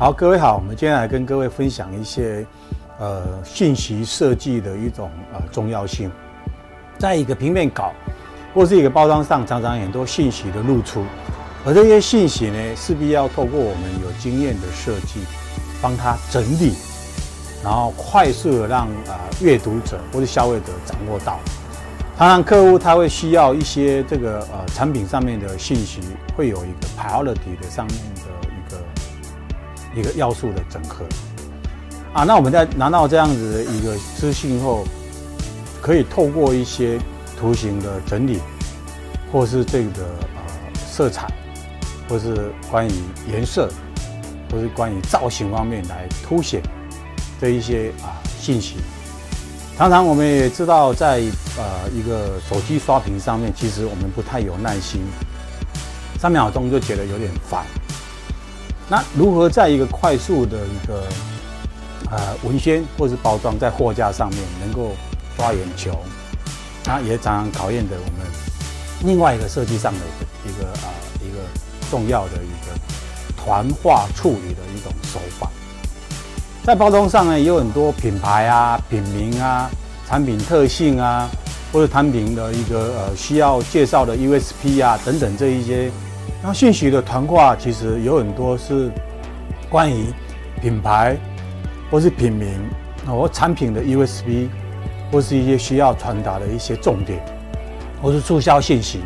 好，各位好，我們今天來跟各位分享一些，呃，信息設計的一種呃重要性。在一個平面稿或者一個包裝上，常常很多信息的露出，而這些信息呢，勢必要透過我們有經驗的設計，幫它整理，然後快速的讓啊、呃、閱讀者或者消費者掌握到。當然，客戶他會需要一些這個呃產品上面的信息，會有一個 priority 的上面的。一個要素的整合啊，那我們在拿到這樣子的一個資訊後，可以透過一些圖形的整理，或是這個呃色彩，或是關於顏色，或是關於造型方面來凸顯這一些啊信息。常常我們也知道在，在呃一個手機刷屏上面，其實我們不太有耐心，三秒鐘就覺得有點煩。那如何在一個快速的一個呃文宣或是包裝在貨架上面能夠抓眼球？那也常常考驗的我們另外一個設計上的一個啊一個、呃、一個重要的一個團化處理的一種手法。在包裝上呢，有很多品牌啊、品名啊、產品特性啊，或者產品的一個呃需要介紹的 USP 啊等等這一些。那信息的團化其實有很多是關於品牌或是品名，那或產品的 USP 或是一些需要傳達的一些重點或是促銷信息。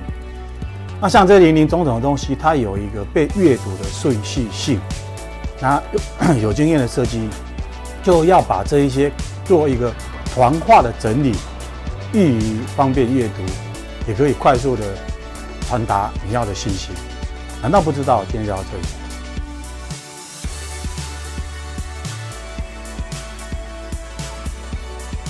那像這林林總總的東西，它有一個被閱讀的順序性。那有經驗的設計就要把這一些做一個團化的整理，易於方便閱讀，也可以快速的傳達你要的信息。難道不知道今天就要退。